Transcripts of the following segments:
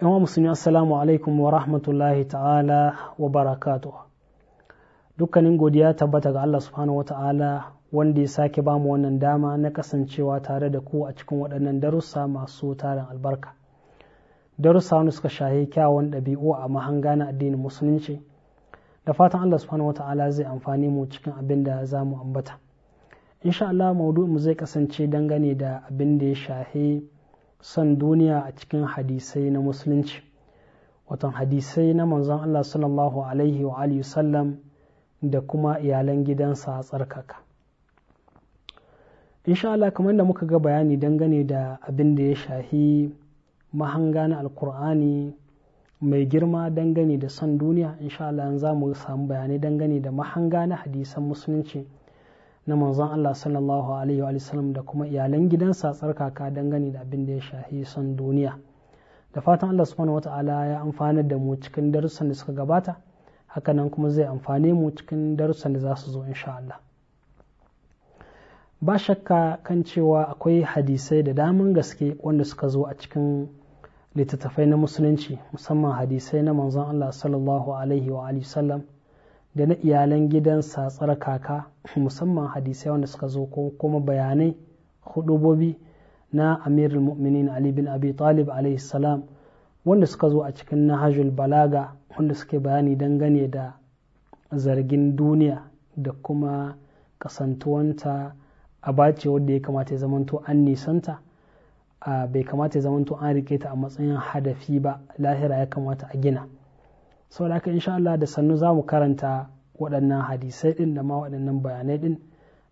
'yan musulmi assalamu alaikum wa rahmatullahi ta'ala wa barakatu dukkanin godiya tabbata ga Allah subhanahu wa ta'ala wanda ya sake ba mu wannan dama na kasancewa tare da ku a cikin waɗannan darussa masu tarin albarka darussa wani suka shahi kyawun ɗabi'u a mahanga na addinin musulunci da fatan Allah subhanahu wa ta'ala zai amfani mu cikin abin da za mu ambata insha Allah mu zai kasance dangane da abin da ya shahi son duniya a cikin hadisai na musulunci watan hadisai na manzon Allah sallallahu alaihi wa alihi sallam da kuma iyalan gidansa a tsarkaka insha Allah kamar da muka ga bayani dangane da abin da ya shahi mahanga na alkur'ani mai girma dangane da son duniya insha Allah za mu samu bayanai dangane da mahanga na hadisan musulunci na manzon Allah sallallahu alaihi wa sallam da kuma iyalan gidansa tsarkaka dangane da abin da ya shahi son duniya da fatan Allah subhanahu ta'ala ya amfana da mu cikin darussan da suka gabata hakanan kuma zai amfane mu cikin darussan da za su zo insha Allah ba shakka kan cewa akwai hadisai da daman gaske wanda suka zo a cikin littattafai na musulunci musamman hadisai na manzon Allah sallallahu alaihi wa sallam da na iyalan gidan satsar kaka musamman hadisai wanda suka zo ko kuma bayanai hudubobi na amirul mu'minin ali bin abi talib alaihi salam wanda suka zo a cikin nahajul balaga wanda suke bayani dangane da zargin duniya da kuma kasantuwanta a bace wadda ya kamata ya zamanto an nisanta bai kamata ya zamanto an rike ta a matsayin hadafi ba lahira ya kamata a gina saboda haka insha Allah da sannu za mu karanta waɗannan hadisai ɗin da ma waɗannan bayanai ɗin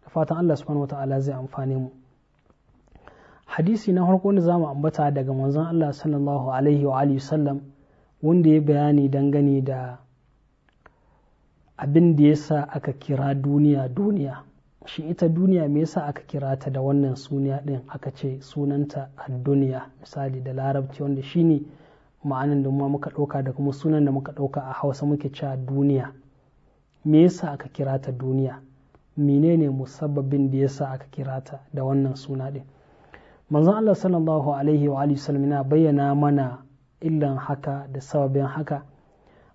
da fatan Allah subhanahu ta'ala zai amfani mu hadisi na farko da za mu ambata daga manzon Allah sallallahu alaihi wa alihi sallam wanda ya bayani dangane da abin da yasa aka kira duniya duniya shi ita duniya me yasa aka kira ta da wannan suniya ɗin aka ce sunanta a duniya misali da larabci wanda shine ne ma'anin da ma muka ɗauka da kuma sunan da muka ɗauka a hausa muke cewa duniya me yasa aka kira ta duniya menene musabbabin da yasa aka kira ta da wannan suna ɗin manzon Allah sallallahu alaihi wa alihi wasallam yana bayyana mana illan haka da sababin haka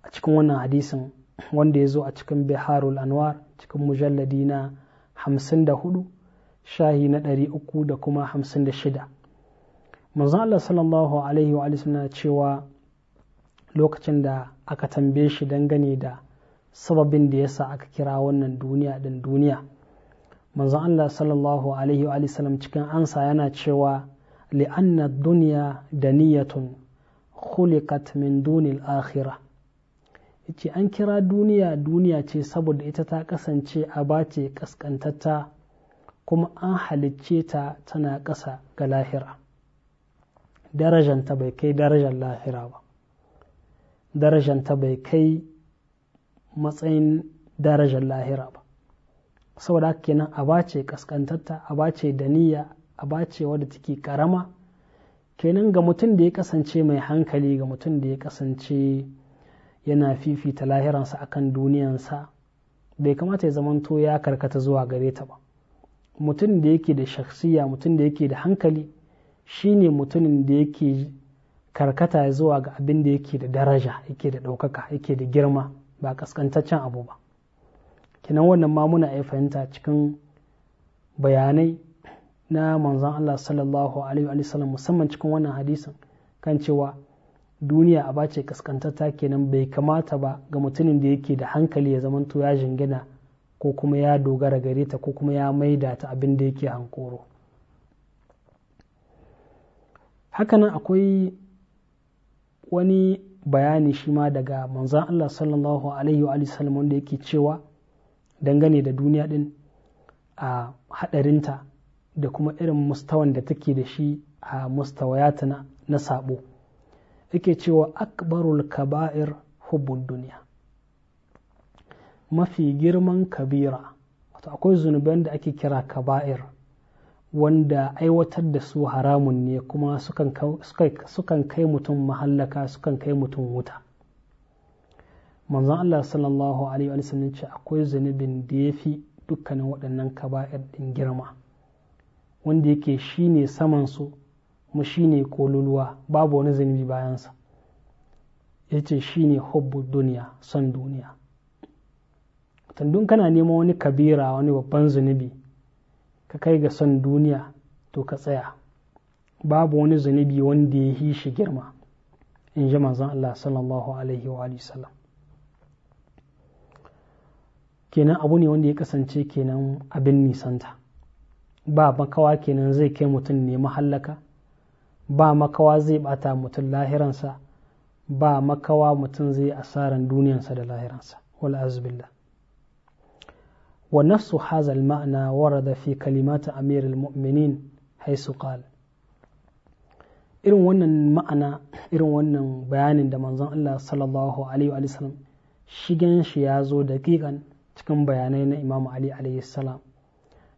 a cikin wannan hadisin wanda ya zo a cikin biharul anwar cikin mujalladi na 54 shahi na uku da kuma shida. manzon Allah sallallahu alaihi wa na cewa lokacin da aka tambaye shi dangane da sababin da yasa aka kira wannan duniya din duniya manzon Allah sallallahu alaihi wa sallam cikin ansa yana cewa li'anna duniya da niyyatun khuliqat min dunil akhira yace an kira duniya duniya ce saboda ita ta kasance a bace kaskantatta kuma an halicce ta tana ƙasa ga lahira darajanta bai kai darajar lahira ba darajanta bai kai matsayin darajar lahira ba saboda haka kenan a bace kaskantatta a bace daniya a bace wadda take karama kenan ga mutum da ya kasance mai hankali ga mutum da ya kasance yana fifita lahiransa akan duniyansa bai kamata ya zamanto ya karkata zuwa gare ta ba mutum da yake da shaksiya mutum da yake da hankali Shi ne mutumin da yake karkata zuwa ga abin da yake da daraja yake da ɗaukaka yake da girma ba ƙasƙantaccen abu ba kinan wannan ma muna iya fahimta cikin bayanai na manzon Allah sallallahu alaihi wa sallam musamman cikin wannan hadisin kan cewa duniya a bace kaskantata kenan bai kamata ba ga mutumin da yake da hankali ya zamanto ya jingina ko kuma ya dogara gare ta ko kuma ya maida ta abin da yake hankoro hakanan akwai wani bayani shi ma daga manzan Allah sallallahu alaihi wa sallam wanda yake cewa dangane da duniya din a hadarinta da kuma irin mustawan da take da shi a mustawayata na sabo yake cewa akbarul kaba'ir hubbun duniya mafi girman kabira wato akwai zunuban da ake kira kaba'ir wanda aiwatar da su haramun ne kuma sukan kai mutum mahallaka sukan kai mutum wuta manzon Allah sallallahu alaihi ce akwai zunubin da ya fi dukkanin waɗannan kaba'ir ɗin girma wanda yake shi ne samansu, mu shi ne kololuwa babu wani zunubi bayansa ya ce shine Hubu duniya son duniya tandun kana neman wani kabira wani babban zunubi ka kai ga son duniya to ka tsaya babu wani zunubi wanda ya yi shi girma in ji manzon Allah sallallahu alaihi wa sallam kenan abu ne wanda ya kasance kenan abin nisanta ba makawa kenan zai kai mutum ne mahallaka ba makawa zai bata mutum lahiransa ba makawa mutum zai asaran duniyansa da lahiransa wal azbillah ونفس هذا المعنى ورد في كلمات أمير المؤمنين حيث قال irin wannan irin wannan bayanin da manzon Allah sallallahu alaihi wa sallam shigen shi ya zo daƙiƙan cikin bayanai na Imam Ali alaihi salam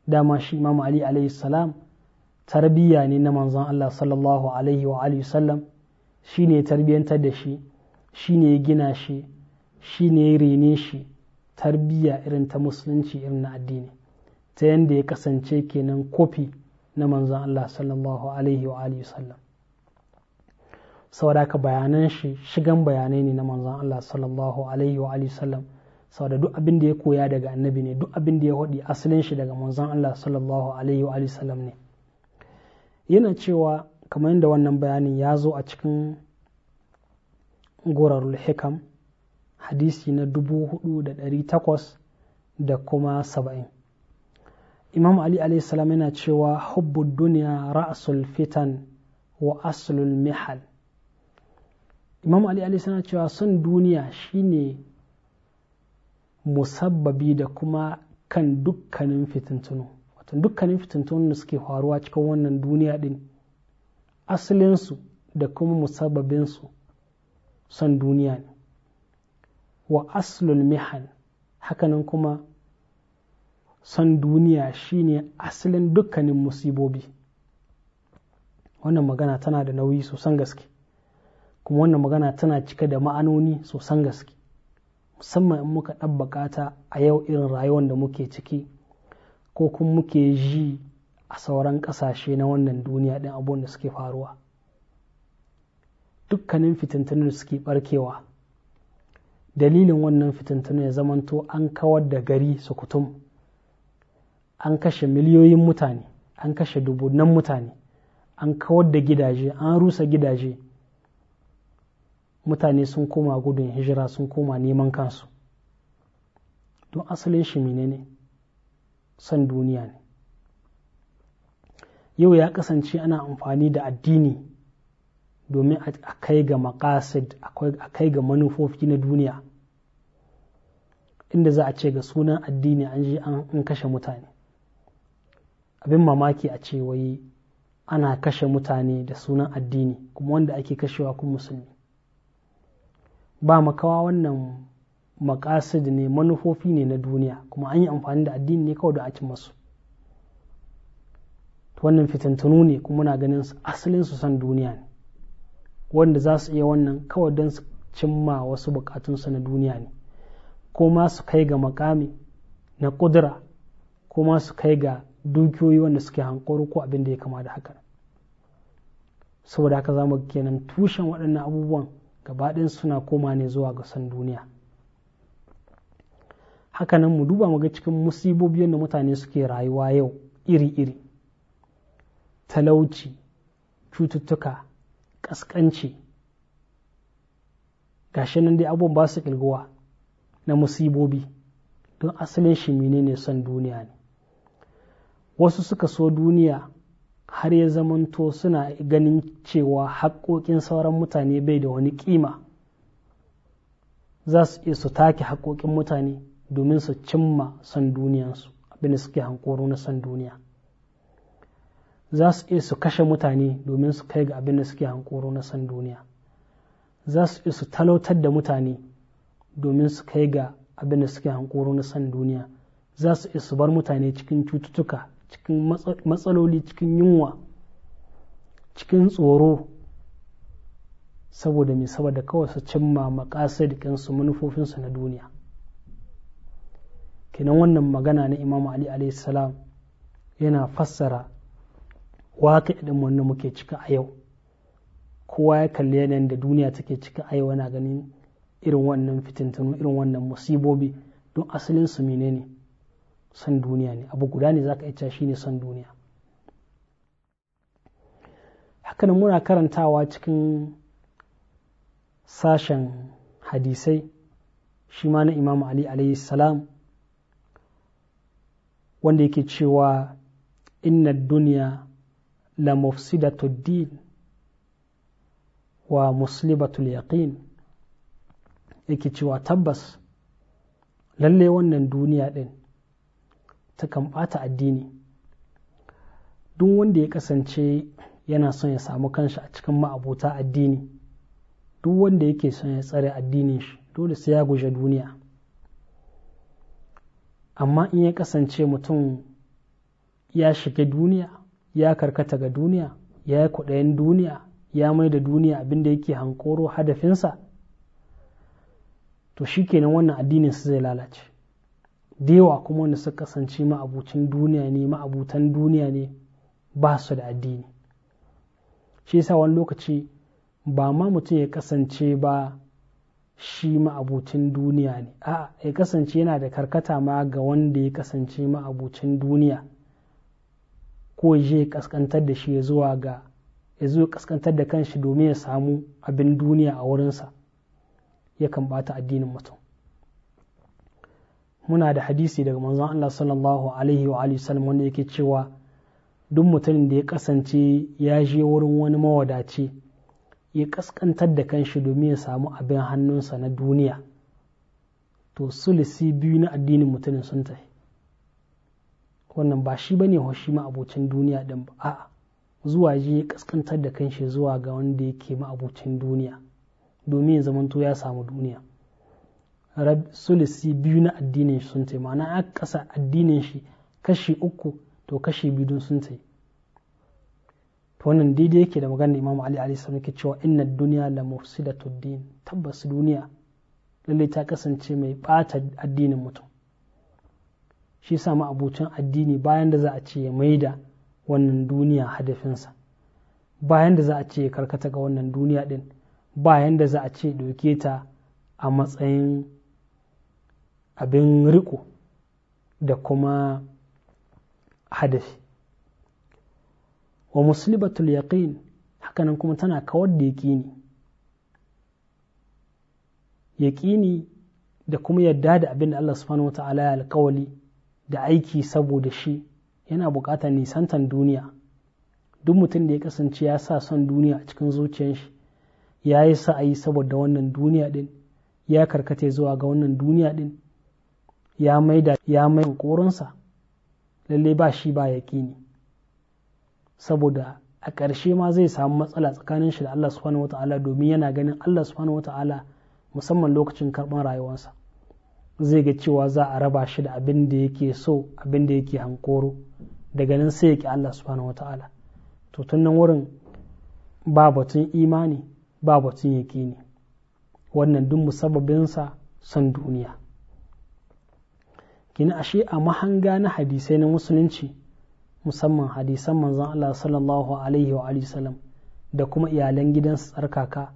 dama shi Imam Ali alaihi salam tarbiyya ne na manzon Allah sallallahu alaihi shine tarbiyantar da shi shine gina shi shine rene shi tarbiyya irin ta musulunci irin na addini ta yadda ya kasance kenan kofi na manzon Allah sallallahu alaihi wa alihi sallam saboda ka bayanan shi shigan bayanai ne na manzon Allah sallallahu alaihi wa alihi sallam saboda duk abin da ya koya daga annabi ne duk abin da ya hodi asalin shi daga manzon Allah sallallahu alaihi wa alihi sallam ne yana cewa kamar yadda wannan bayanin ya zo a cikin gurarul hikam hadisi na dubu 4800 da takwas da kuma saba'in imam ali salam yana cewa hubbud duniya ra'asul fitan wa aslul mihal imam ali salam cewa son duniya shine musabbabi da kuma kan dukkanin fitintunu wato dukkanin fitintunu da suke faruwa cikin wannan duniya din asalinsu da kuma musabbabinsu son duniya ne wa aslul mihan hakanan kuma son duniya shine asalin dukkanin musibobi wannan magana tana da nauyi sosan gaske kuma wannan magana tana cike da ma'anoni sosan gaske musamman in muka ɗabbaka ta a yau irin rayuwar da muke ciki ko kuma muke ji a sauran ƙasashe na wannan duniya ɗin abubuwan da suke faruwa dukkanin fitintunan da suke ɓarkewa dalilin wannan fitintunu ya zamanto an kawar da gari sukutum an kashe miliyoyin mutane an kashe dubunan mutane an kawar da gidaje an rusa gidaje mutane sun koma gudun hijira sun koma neman kansu don asalin shi ne son duniya ne yau ya kasance ana amfani da addini domin a kai ga makasid a kai ga manufofi na duniya inda za a ce ga sunan addini an ji an kashe mutane abin mamaki a ce wai ana kashe mutane da sunan addini kuma wanda ake kashewa kun musulmi ba makawa wannan makasid ne manufofi ne na duniya kuma an yi amfani da addini ne kawai da a ci masu wannan fitintunu ne kuma muna ganin asalin su san duniya ne wanda za su iya wannan kawai don su cimma wasu bukatunsu na duniya ne ko ma su kai ga makami na kudura ko ma su kai ga dukiyoyi wanda suke hankoro ko abin da ya kama da haka saboda haka za mu kenan tushen waɗannan abubuwan gabaɗin suna koma ne zuwa ga san duniya hakanan mu duba mu ga cikin musibobi da mutane suke rayuwa yau iri-iri talauci cututtuka ƙasƙanci gashi nan dai abubuwan ba su ƙilguwa na musibobi don asalin shi menene son duniya ne wasu suka so duniya har ya zamanto suna ganin cewa haƙoƙin sauran mutane bai da wani ƙima za su iya su take haƙoƙin mutane domin su cimma son duniyansu abinda suke hankoro na son duniya za su iya su kashe mutane domin su kai ga abinda suke hankoro na son duniya za su iya su talautar da mutane domin su kai ga abin da suke hankoro na san duniya za su isu bar mutane cikin cututtuka cikin matsaloli cikin yunwa cikin tsoro saboda mai saboda kawai su cimma da kansu manufofinsu na duniya kenan wannan magana na imam ali salam yana fassara waka idan wannan muke cika a yau kowa ya kalli yanayin da duniya take cika a yau yana ganin irin wannan fitintunu irin wannan musibobi don asalin su menene san duniya ne abu guda ne zaka shi ne san duniya hakanan muna karantawa cikin sashen hadisai shi ma na imam ali alayhi salam wanda yake cewa inna duniya la mufsidatu din wa muslibatul yaqin yake cewa tabbas lalle wannan duniya ɗin ta kan ɓata addini duk wanda ya kasance yana son ya samu kanshi a cikin ma'abuta addini duk wanda yake son ya tsare addinin shi dole sai ya guje duniya amma in ya kasance mutum ya shiga duniya ya karkata ga duniya ya yi kudayen duniya ya mai da duniya abinda yake hankoro hadafinsa to shi kenan wannan addinin su zai lalace da kuma wanda suka kasance ma'abucin duniya ne ma'abutan duniya ne ba su da addini shi yasa wani lokaci ba ma mutum ya kasance ba shi ma'abucin duniya ne a'a ya kasance yana da karkata ma ga wanda ya kasance ma'abucin duniya ko je kaskantar da shi zuwa ga ya zo kaskantar da kanshi domin ya samu abin duniya a wurinsa yakan bata addinin mutum muna da hadisi daga manzon Allah sallallahu alaihi wa alihi sallam wanda yake cewa duk mutumin da ya kasance ya je wurin wani mawadaci ya kaskantar da kanshi domin ya samu abin hannunsa na duniya to sulisi biyu na addinin mutumin sun tafi wannan ba shi bane hoshi ma abocin duniya din ba a'a zuwa je ya kaskantar da kanshi zuwa ga wanda yake ma duniya domin ya zamanto ya samu duniya sulisi biyu na addinin shi sun ce ma'ana a ƙasa addinin shi kashi uku to kashi biyu sun ce to wannan daidai yake da maganar imam ali Ali sami ke cewa inna duniya la da din tabbas duniya lalle ta kasance mai bata addinin mutum shi sa ma abucin addini bayan da za a ce ya maida wannan duniya hadafinsa bayan da za a ce ya karkata ga wannan duniya din Ba yadda za a ce ɗauke ta a matsayin abin riko da kuma hadafi wa muslibatul yaqin hakanan kuma tana kawar da yaƙini yaƙini da kuma yadda da abin da Allah subhanahu wata'ala ya alkawali da aiki saboda shi yana buƙatar nisantar duniya duk mutum da ya kasance ya sa son duniya a cikin zuciyar shi ya yi sa'ayi saboda wannan duniya din ya karkata zuwa ga wannan duniya din ya maida ya mai korinsa lalle ba shi ba yaƙini saboda a ƙarshe ma zai samu matsala tsakanin shi da Allah subhanahu wata'ala domin yana ganin Allah subhanahu wata'ala musamman lokacin karɓar rayuwarsa zai ga cewa za a raba shi da abin da yake so abin da yake hankoro daga nan sai ya Allah subhanahu wata'ala to tun nan wurin ba batun imani ba batun yaƙini wannan duk musababinsa son duniya gina ashe a mahanga na hadisai na musulunci musamman hadisan manzon Allah sallallahu alaihi wa sallam da kuma iyalan gidan tsarkaka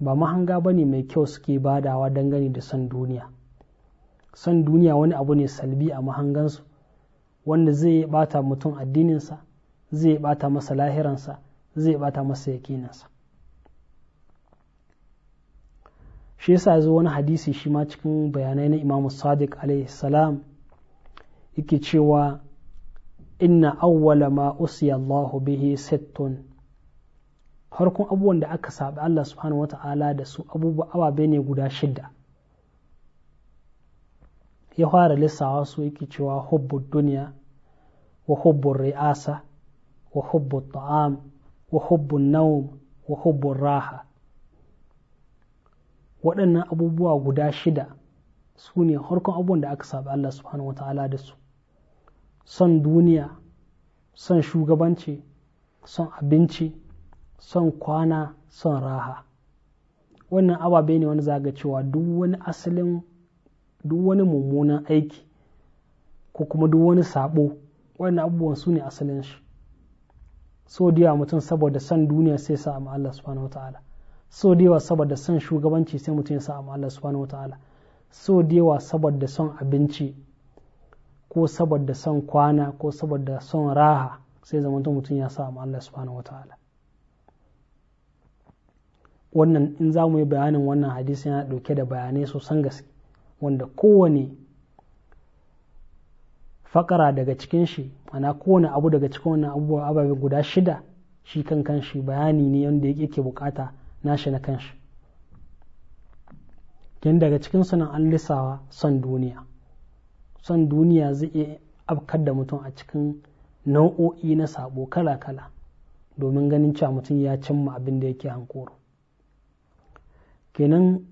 ba mahanga ba ne mai kyau suke badawa dangane da son duniya son duniya wani abu ne salbi a mahangansu wanda zai bata mutum addininsa zai bata masa lahiransa zai bata masa yakinansa shi yasa zo wani hadisi shi ma cikin bayanai na imamu sadiq alaihi salam yake cewa inna awwala ma usiya Allahu bihi sittun harkun abubuwan da aka saɓi Allah subhanahu wa ta'ala da su abubuwa ababe ne guda shidda ya fara lissawa su yake cewa hubbun duniya wa hubbun ri'asa wa hubbun ta'am wa hubbun naum wa hubbun raha waɗannan abubuwa guda shida su ne harkon abubuwan da aka saba Allah subhanahu wa ta'ala da su son duniya son shugabanci son abinci son kwana son raha wannan ababe ne wani zaga cewa duk wani asalin duk wani mummunan aiki ko kuma duk wani sabo wannan abubuwan su ne asalin shi so diya mutum saboda son duniya sai sa Allah subhanahu wa ta'ala so da yawa saboda son shugabanci sai mutum ya sa Allah subhanahu wataala so da yawa saboda son abinci ko saboda son kwana ko saboda son raha sai zamanta mutum ya sa Allah subhanahu wataala wannan in za mu yi bayanin wannan hadisi yana dauke da bayanai sosan gaske wanda kowane fakara daga cikin shi mana kowane abu daga cikin wannan ababe guda shida shi kankan shi bayani ne wanda yake bukata nashi na kanshi kin daga cikin sunan an lissawa son duniya son duniya zai iya afkar da mutum a cikin nau'o'i na sabo kala-kala domin ganin cewa mutum ya cimma abin da yake hankoro kenan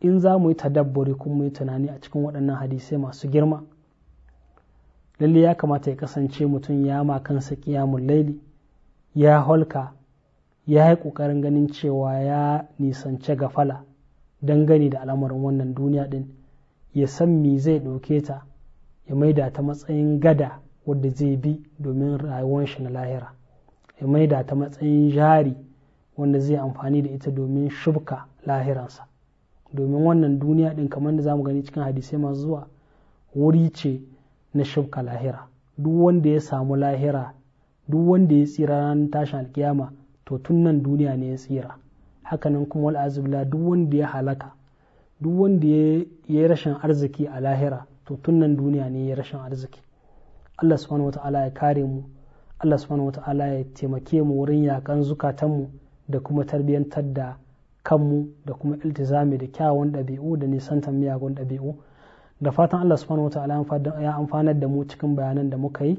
in za mu yi tadabbari kuma mu yi tunani a cikin waɗannan hadisai masu girma lalle ya kamata ya kasance mutum ya ma kansa kiyamun laili ya holka ya yi ƙoƙarin ganin cewa ya nisance gafala dangane da al'amarin wannan duniya ɗin ya san me zai ɗauke ta ya maida ta matsayin gada wadda zai bi domin rayuwar shi na lahira ya maida ta matsayin jari wanda zai amfani da ita domin shubka lahiransa domin wannan duniya ɗin kamar da zamu gani cikin hadisai masu zuwa wuri ce na shubka lahira duk wanda ya samu lahira duk wanda ya tsira ranar tashin alkiyama to tun nan duniya ne ya tsira hakanan kuma wal'azubla duk wanda ya halaka duk wanda ya yi rashin arziki a lahira to tun nan duniya ne ya rashin arziki Allah subhanahu wata'ala ya kare mu Allah subhanahu wata'ala ya taimake mu wurin yakan zukatanmu da kuma tarbiyyantar da kanmu da kuma iltizami da kyawun ɗabi'u da nisantar miyagun ɗabi'u da fatan Allah subhanahu wata'ala ya amfanar da mu cikin bayanan da muka yi